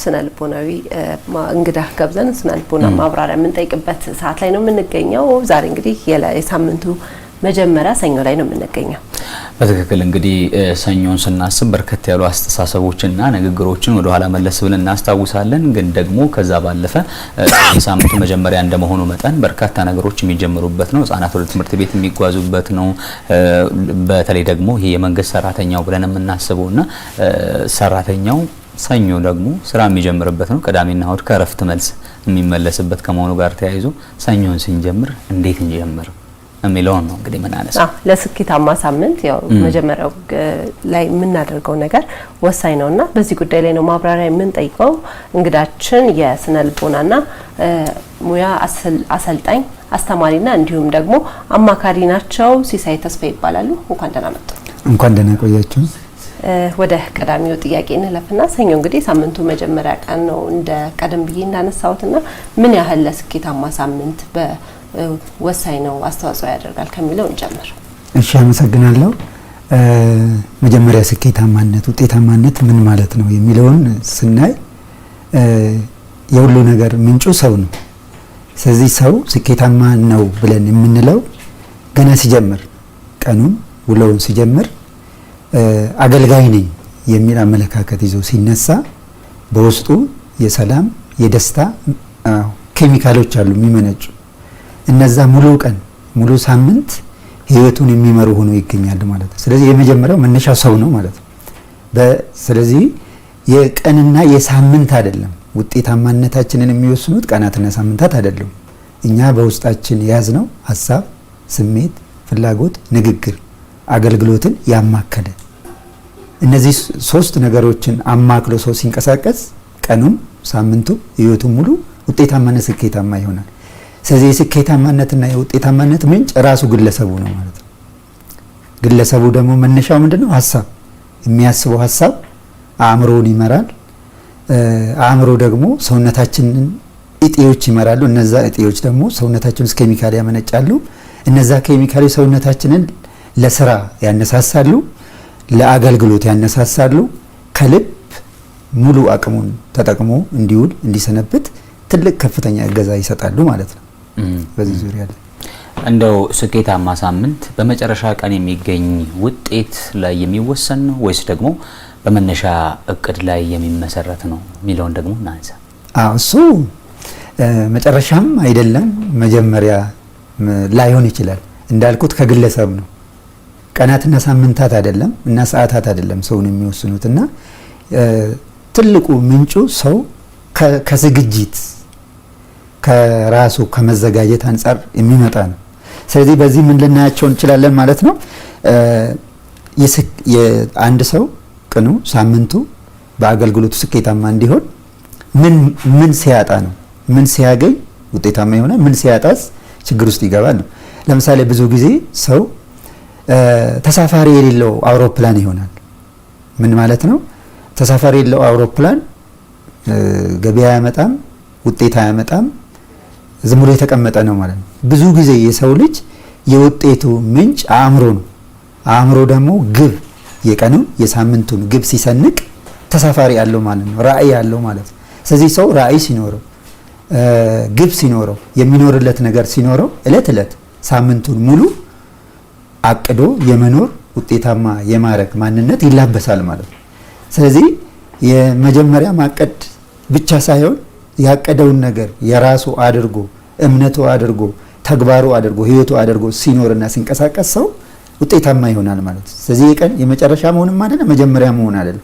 ስነ ልቦናዊ እንግዳ ገብዘን ስነ ልቦና ማብራሪያ የምንጠይቅበት ሰዓት ላይ ነው የምንገኘው። ዛሬ እንግዲህ የሳምንቱ መጀመሪያ ሰኞ ላይ ነው የምንገኘው። በትክክል እንግዲህ ሰኞን ስናስብ በርከት ያሉ አስተሳሰቦችና ንግግሮችን ወደኋላ መለስ ብለን እናስታውሳለን። ግን ደግሞ ከዛ ባለፈ የሳምንቱ መጀመሪያ እንደመሆኑ መጠን በርካታ ነገሮች የሚጀምሩበት ነው። ህጻናት ወደ ትምህርት ቤት የሚጓዙበት ነው። በተለይ ደግሞ ይሄ የመንግስት ሰራተኛው ብለን የምናስበውና ሰራተኛው ሰኞ ደግሞ ስራ የሚጀምርበት ነው። ቅዳሜና እሁድ ከእረፍት መልስ የሚመለስበት ከመሆኑ ጋር ተያይዞ ሰኞን ስንጀምር እንዴት እንጀምር የሚለውን ነው እንግዲህ ምናነሳ ለስኬታማ ሳምንት ያው መጀመሪያው ላይ የምናደርገው ነገር ወሳኝ ነው እና በዚህ ጉዳይ ላይ ነው ማብራሪያ የምንጠይቀው እንግዳችን የስነ ልቦናና ሙያ አሰልጣኝ አስተማሪና እንዲሁም ደግሞ አማካሪ ናቸው። ሲሳይ ተስፋ ይባላሉ። እንኳን ደህና መጡ። እንኳን ደህና ቆያችሁ። ወደ ቀዳሚው ጥያቄ እንለፍና ሰኞ እንግዲህ ሳምንቱ መጀመሪያ ቀን ነው። እንደ ቀደም ብዬ እንዳነሳሁትና ምን ያህል ለስኬታማ ሳምንት በወሳኝ ነው አስተዋጽኦ ያደርጋል ከሚለው እንጀምር። እሺ፣ አመሰግናለሁ። መጀመሪያ ስኬታማነት፣ ውጤታማነት ምን ማለት ነው የሚለውን ስናይ የሁሉ ነገር ምንጩ ሰው ነው። ስለዚህ ሰው ስኬታማ ነው ብለን የምንለው ገና ሲጀምር ቀኑን ውለውን ሲጀምር አገልጋይ ነኝ የሚል አመለካከት ይዞ ሲነሳ በውስጡ የሰላም የደስታ ኬሚካሎች አሉ የሚመነጩ። እነዛ ሙሉ ቀን ሙሉ ሳምንት ህይወቱን የሚመሩ ሆኖ ይገኛሉ ማለት ነው። ስለዚህ የመጀመሪያው መነሻ ሰው ነው ማለት ነው። ስለዚህ የቀንና የሳምንት አይደለም። ውጤታማነታችንን የሚወስኑት ቀናትና ሳምንታት አይደለም። እኛ በውስጣችን የያዝነው ሀሳብ፣ ስሜት፣ ፍላጎት፣ ንግግር አገልግሎትን ያማከለ እነዚህ ሶስት ነገሮችን አማክሎ ሰው ሲንቀሳቀስ ቀኑም፣ ሳምንቱም፣ ህይወቱም ሙሉ ውጤታማነት ስኬታማ ይሆናል። ስለዚህ የስኬታማነትና የውጤታማነት ምንጭ ራሱ ግለሰቡ ነው ማለት ነው። ግለሰቡ ደግሞ መነሻው ምንድነው? ሀሳብ የሚያስበው ሀሳብ አእምሮውን ይመራል። አእምሮ ደግሞ ሰውነታችንን እጤዎች ይመራሉ። እነዛ እጤዎች ደግሞ ሰውነታችን ውስጥ ኬሚካል ያመነጫሉ። እነዛ ኬሚካል ሰውነታችንን ለስራ ያነሳሳሉ። ለአገልግሎት ያነሳሳሉ። ከልብ ሙሉ አቅሙን ተጠቅሞ እንዲውል እንዲሰነብት ትልቅ ከፍተኛ እገዛ ይሰጣሉ ማለት ነው። በዚህ ዙሪያ እንደው ስኬታማ ሳምንት በመጨረሻ ቀን የሚገኝ ውጤት ላይ የሚወሰን ነው ወይስ ደግሞ በመነሻ እቅድ ላይ የሚመሰረት ነው የሚለውን ደግሞ እናንሳ። አዎ እሱ መጨረሻም አይደለም መጀመሪያ ላይሆን ይችላል። እንዳልኩት ከግለሰብ ነው ቀናትና ሳምንታት አይደለም እና ሰዓታት አይደለም ሰውን የሚወስኑት እና ትልቁ ምንጩ ሰው ከዝግጅት ከራሱ ከመዘጋጀት አንጻር የሚመጣ ነው። ስለዚህ በዚህ ምን ልናያቸው እንችላለን ማለት ነው። አንድ ሰው ቅኑ ሳምንቱ በአገልግሎቱ ስኬታማ እንዲሆን ምን ሲያጣ ነው? ምን ሲያገኝ ውጤታማ የሆነ ምን ሲያጣስ ችግር ውስጥ ይገባል ነው። ለምሳሌ ብዙ ጊዜ ሰው ተሳፋሪ የሌለው አውሮፕላን ይሆናል። ምን ማለት ነው? ተሳፋሪ የሌለው አውሮፕላን ገበያ አያመጣም፣ ውጤት አያመጣም፣ ዝም ብሎ የተቀመጠ ነው ማለት ነው። ብዙ ጊዜ የሰው ልጅ የውጤቱ ምንጭ አእምሮ ነው። አእምሮ ደግሞ ግብ የቀኑን የሳምንቱን ግብ ሲሰንቅ ተሳፋሪ አለው ማለት ነው። ራእይ አለው ማለት ነው። ስለዚህ ሰው ራእይ ሲኖረው ግብ ሲኖረው የሚኖርለት ነገር ሲኖረው እለት እለት ሳምንቱን ሙሉ አቅዶ የመኖር ውጤታማ የማድረግ ማንነት ይላበሳል ማለት ነው። ስለዚህ የመጀመሪያ ማቀድ ብቻ ሳይሆን ያቀደውን ነገር የራሱ አድርጎ እምነቱ አድርጎ ተግባሩ አድርጎ ህይወቱ አድርጎ ሲኖርና ሲንቀሳቀስ ሰው ውጤታማ ይሆናል ማለት ነው። ስለዚህ ቀን የመጨረሻ መሆንም አይደለም መጀመሪያ መሆን አይደለም።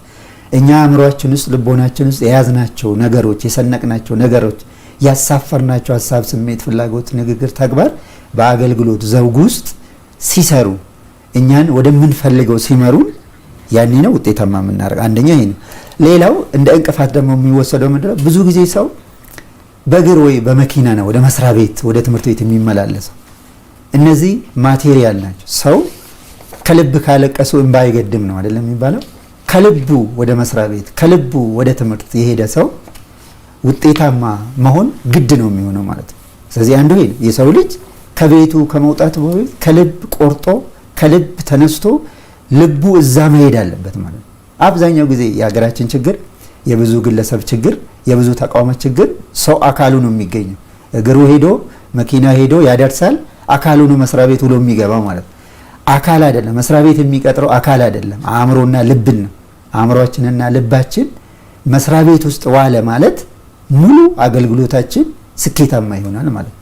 እኛ አእምሯችን ውስጥ ልቦናችን ውስጥ የያዝናቸው ነገሮች የሰነቅናቸው ነገሮች ያሳፈርናቸው ሀሳብ፣ ስሜት፣ ፍላጎት፣ ንግግር፣ ተግባር በአገልግሎት ዘውግ ውስጥ ሲሰሩ እኛን ወደምንፈልገው ሲመሩን ያኔ ነው ውጤታማ የምናደርገው። አንደኛ ይሄ ነው። ሌላው እንደ እንቅፋት ደግሞ የሚወሰደው ምንድነው? ብዙ ጊዜ ሰው በእግር ወይ በመኪና ነው ወደ መስሪያ ቤት፣ ወደ ትምህርት ቤት የሚመላለሰው። እነዚህ ማቴሪያል ናቸው። ሰው ከልብ ካለቀሱ እንባ አይገድም ነው አይደለም የሚባለው። ከልቡ ወደ መስሪያ ቤት፣ ከልቡ ወደ ትምህርት የሄደ ሰው ውጤታማ መሆን ግድ ነው የሚሆነው ማለት ነው። ስለዚህ አንዱ ይሄ የሰው ልጅ ከቤቱ ከመውጣት በፊት ከልብ ቆርጦ ከልብ ተነስቶ ልቡ እዛ መሄድ አለበት ማለት ነው። አብዛኛው ጊዜ የሀገራችን ችግር፣ የብዙ ግለሰብ ችግር፣ የብዙ ተቋማት ችግር ሰው አካሉ ነው የሚገኘው። እግሩ ሄዶ መኪና ሄዶ ያደርሳል። አካሉ ነው መስሪያ ቤት ውሎ የሚገባ ማለት ነው። አካል አይደለም መስሪያ ቤት የሚቀጥረው አካል አይደለም፣ አእምሮና ልብን ነው። አእምሮችንና ልባችን መስሪያ ቤት ውስጥ ዋለ ማለት ሙሉ አገልግሎታችን ስኬታማ ይሆናል ማለት ነው።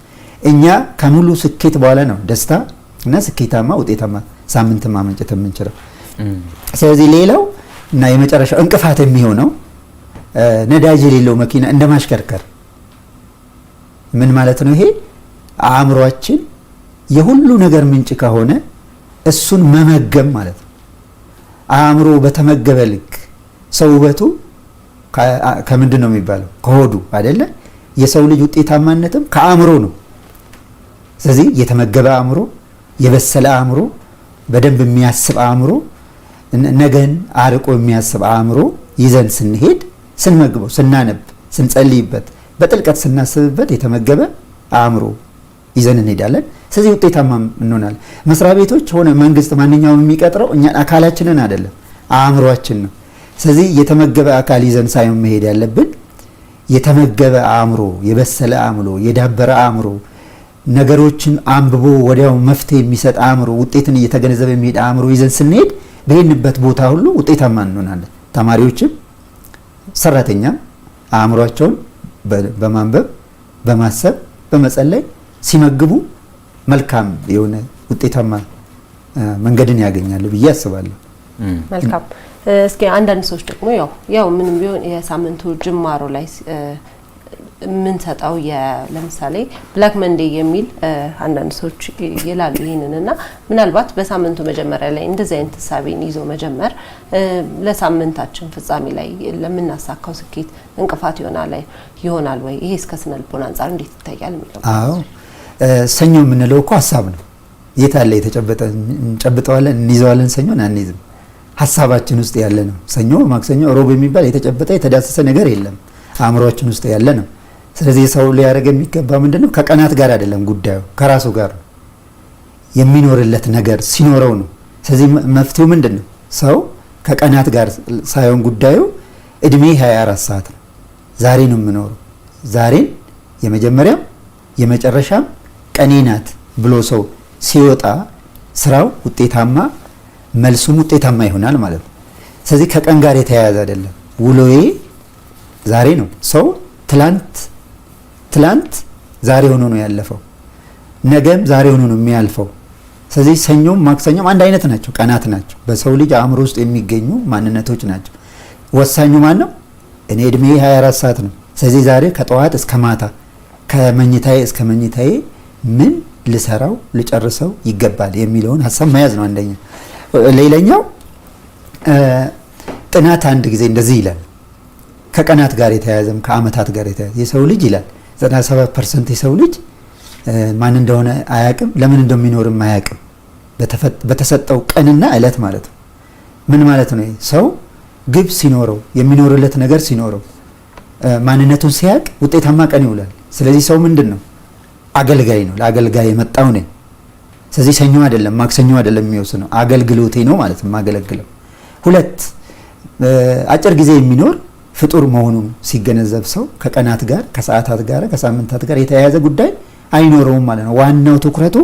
እኛ ከሙሉ ስኬት በኋላ ነው ደስታ እና ስኬታማ ውጤታማ ሳምንት ማመንጨት የምንችለው። ስለዚህ ሌላው እና የመጨረሻው እንቅፋት የሚሆነው ነዳጅ የሌለው መኪና እንደ ማሽከርከር ምን ማለት ነው? ይሄ አእምሯችን የሁሉ ነገር ምንጭ ከሆነ እሱን መመገብ ማለት ነው። አእምሮ በተመገበ ልክ ሰው ውበቱ ከምንድን ነው የሚባለው? ከሆዱ አይደለ? የሰው ልጅ ውጤታማነትም ከአእምሮ ነው። ስለዚህ የተመገበ አእምሮ፣ የበሰለ አእምሮ፣ በደንብ የሚያስብ አእምሮ፣ ነገን አርቆ የሚያስብ አእምሮ ይዘን ስንሄድ ስንመግበው፣ ስናነብ፣ ስንጸልይበት፣ በጥልቀት ስናስብበት የተመገበ አእምሮ ይዘን እንሄዳለን። ስለዚህ ውጤታማ እንሆናለን። መስሪያ ቤቶች ሆነ መንግስት፣ ማንኛውም የሚቀጥረው እኛን አካላችንን አይደለም አእምሯችን ነው። ስለዚህ የተመገበ አካል ይዘን ሳይሆን መሄድ ያለብን የተመገበ አእምሮ፣ የበሰለ አእምሮ፣ የዳበረ አእምሮ ነገሮችን አንብቦ ወዲያው መፍትሄ የሚሰጥ አእምሮ፣ ውጤትን እየተገነዘበ የሚሄድ አእምሮ ይዘን ስንሄድ በሄድንበት ቦታ ሁሉ ውጤታማ እንሆናለን። ተማሪዎችም ሰራተኛም አእምሯቸውን በማንበብ በማሰብ በመጸለይ ሲመግቡ መልካም የሆነ ውጤታማ መንገድን ያገኛሉ ብዬ አስባለሁ። መልካም። እስኪ አንዳንድ ሰዎች ደግሞ ያው ያው ምንም ቢሆን የሳምንቱ ጅማሮ ላይ የምንሰጠው ለምሳሌ ብላክ መንዴ የሚል አንዳንድ ሰዎች ይላሉ ይህንን እና ምናልባት በሳምንቱ መጀመሪያ ላይ እንደዚህ አይነት ሳቤን ይዞ መጀመር ለሳምንታችን ፍጻሜ ላይ ለምናሳካው ስኬት እንቅፋት ይሆናል ወይ? ይሄ እስከ ስነ አንጻር እንዴት ይታያል የሚለው። አዎ ሰኞ የምንለው እኮ ሀሳብ ነው። የት አለ የተጨበጠ? እንጨብጠዋለን፣ እንይዘዋለን። ሰኞን አንይዝም። ሀሳባችን ውስጥ ያለ ነው። ሰኞ፣ ማክሰኞ፣ ሮብ የሚባል የተጨበጠ የተዳሰሰ ነገር የለም። አእምሯችን ውስጥ ያለ ነው። ስለዚህ ሰው ሊያደርግ የሚገባ ምንድነው? ከቀናት ጋር አይደለም ጉዳዩ ከራሱ ጋር የሚኖርለት ነገር ሲኖረው ነው። ስለዚህ መፍትሄው ምንድን ነው? ሰው ከቀናት ጋር ሳይሆን ጉዳዩ እድሜ 24 ሰዓት ነው። ዛሬ ነው የምኖረው። ዛሬን የመጀመሪያም የመጨረሻም ቀኔ ናት ብሎ ሰው ሲወጣ ስራው ውጤታማ፣ መልሱም ውጤታማ ይሆናል ማለት ነው። ስለዚህ ከቀን ጋር የተያያዘ አይደለም። ውሎዬ ዛሬ ነው። ሰው ትላንት ትላንት ዛሬ ሆኖ ነው ያለፈው። ነገም ዛሬ ሆኖ ነው የሚያልፈው። ስለዚህ ሰኞም ማክሰኞም አንድ አይነት ናቸው፣ ቀናት ናቸው። በሰው ልጅ አእምሮ ውስጥ የሚገኙ ማንነቶች ናቸው። ወሳኙ ማን ነው? እኔ እድሜ 24 ሰዓት ነው። ስለዚህ ዛሬ ከጠዋት እስከ ማታ ከመኝታዬ እስከ መኝታዬ ምን ልሰራው ልጨርሰው ይገባል የሚለውን ሀሳብ መያዝ ነው አንደኛ። ሌላኛው ጥናት አንድ ጊዜ እንደዚህ ይላል፣ ከቀናት ጋር የተያያዘም ከአመታት ጋር የተያያዘ የሰው ልጅ ይላል 97 ፐርሰንት የሰው ልጅ ማን እንደሆነ አያቅም፣ ለምን እንደሚኖርም አያቅም። በተሰጠው ቀንና እለት ማለት ነው። ምን ማለት ነው? ሰው ግብ ሲኖረው የሚኖርለት ነገር ሲኖረው ማንነቱን ሲያቅ ውጤታማ ቀን ይውላል። ስለዚህ ሰው ምንድን ነው? አገልጋይ ነው። ለአገልጋይ የመጣው ነኝ። ስለዚህ ሰኞ አይደለም ማክሰኞ አይደለም የሚወስነው አገልግሎቴ ነው ማለት ነው የማገለግለው። ሁለት አጭር ጊዜ የሚኖር ፍጡር መሆኑን ሲገነዘብ ሰው ከቀናት ጋር ከሰዓታት ጋር ከሳምንታት ጋር የተያያዘ ጉዳይ አይኖረውም ማለት ነው። ዋናው ትኩረቱ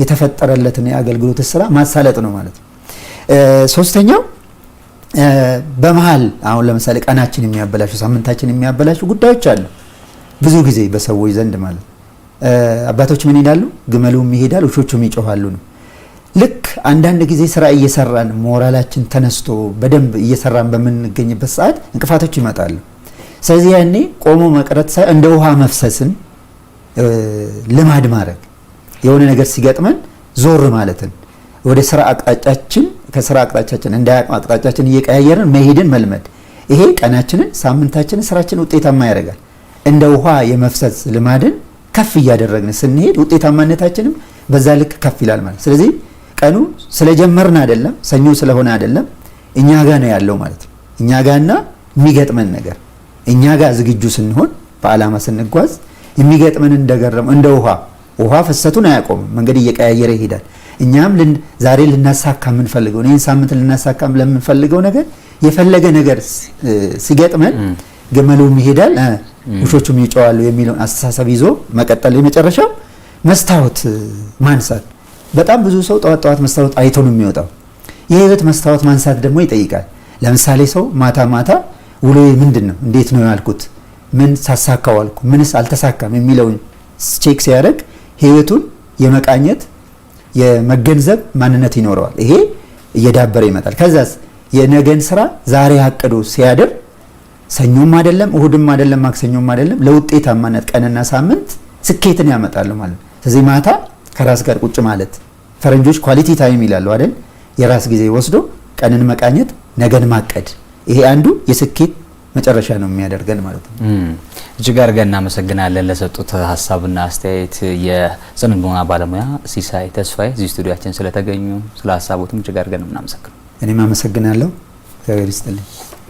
የተፈጠረለትን የአገልግሎት ስራ ማሳለጥ ነው ማለት ነው። ሶስተኛው በመሀል አሁን ለምሳሌ ቀናችን የሚያበላሹ ሳምንታችን የሚያበላሹ ጉዳዮች አሉ፣ ብዙ ጊዜ በሰዎች ዘንድ ማለት ነው። አባቶች ምን ይላሉ? ግመሉም ይሄዳል ውሾቹም ይጮኋሉ ነው። ልክ አንዳንድ ጊዜ ስራ እየሰራን ሞራላችን ተነስቶ በደንብ እየሰራን በምንገኝበት ሰዓት እንቅፋቶች ይመጣሉ። ስለዚህ ያኔ ቆሞ መቅረት ሳይ እንደ ውሃ መፍሰስን ልማድ ማድረግ የሆነ ነገር ሲገጥመን ዞር ማለትን ወደ ስራ አቅጣጫችን ከስራ አቅጣጫችን እንደ አቅጣጫችን እየቀያየርን መሄድን መልመድ ይሄ ቀናችንን፣ ሳምንታችንን፣ ስራችንን ውጤታማ ያደርጋል። እንደ ውሃ የመፍሰስ ልማድን ከፍ እያደረግን ስንሄድ ውጤታማነታችንም በዛ ልክ ከፍ ይላል ማለት ስለዚህ ቀኑ ስለጀመርን አይደለም፣ ሰኞ ስለሆነ አይደለም፣ እኛ ጋ ነው ያለው ማለት ነው። እኛ ጋና የሚገጥመን ነገር እኛ ጋ ዝግጁ ስንሆን በዓላማ ስንጓዝ የሚገጥመን እንደገረም እንደ ውሃ ውሃ ፍሰቱን አያቆምም፣ መንገድ እየቀያየረ ይሄዳል። እኛም ዛሬ ልናሳካ የምንፈልገው ይህን ሳምንት ልናሳካ ለምንፈልገው ነገር የፈለገ ነገር ሲገጥመን ግመሉም ይሄዳል ውሾቹም ይጨዋሉ የሚለውን አስተሳሰብ ይዞ መቀጠል የመጨረሻው መስታወት ማንሳት በጣም ብዙ ሰው ጠዋት ጠዋት መስታወት አይቶ ነው የሚወጣው። የህይወት መስታወት ማንሳት ደግሞ ይጠይቃል። ለምሳሌ ሰው ማታ ማታ ውሎ ምንድን ነው? እንዴት ነው ያልኩት? ምን ሳሳካው አልኩ? ምንስ አልተሳካም? የሚለውን ቼክ ሲያደርግ ህይወቱን የመቃኘት የመገንዘብ ማንነት ይኖረዋል። ይሄ እየዳበረ ይመጣል። ከዛስ የነገን ስራ ዛሬ አቅዶ ሲያድር ሰኞም አይደለም እሁድም አይደለም ማክሰኞም አይደለም ለውጤታማነት ቀንና ሳምንት ስኬትን ያመጣሉ ማለት ነው። ስለዚህ ማታ ከራስ ጋር ቁጭ ማለት ፈረንጆች ኳሊቲ ታይም ይላሉ አይደል? የራስ ጊዜ ወስዶ ቀንን መቃኘት፣ ነገን ማቀድ። ይሄ አንዱ የስኬት መጨረሻ ነው የሚያደርገን ማለት ነው። እጅግ አድርገን እናመሰግናለን ለሰጡት ሀሳብና አስተያየት። የስነ ልቦና ባለሙያ ሲሳይ ተስፋዬ እዚህ ስቱዲያችን ስለተገኙ ስለ ሀሳቦትም እጅግ አድርገን እናመሰግናለን። እኔም አመሰግናለሁ። እግዚአብሔር ይስጥልኝ።